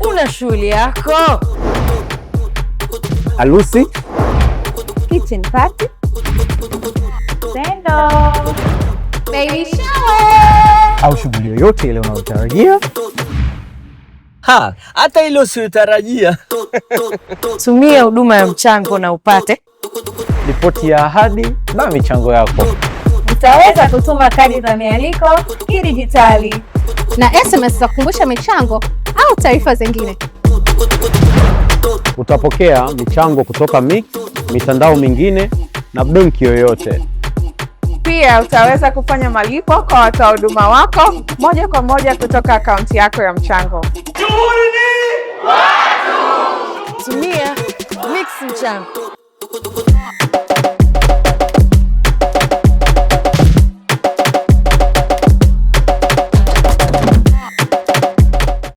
Una shughuli yako, alusi kitchen party, sendo, baby shower au shughuli yoyote ile unayotarajia. Ha, hata ile usiyotarajia tumia huduma ya mchango na upate ripoti ya ahadi na michango yako. Utaweza kutuma kadi za mialiko kidijitali na SMS za kukumbusha michango au taarifa zingine. Utapokea michango kutoka Mix, mitandao mingine na benki yoyote. Pia utaweza kufanya malipo kwa watoa huduma wako moja kwa moja kutoka akaunti yako ya mchango. Tumia Mix mchango.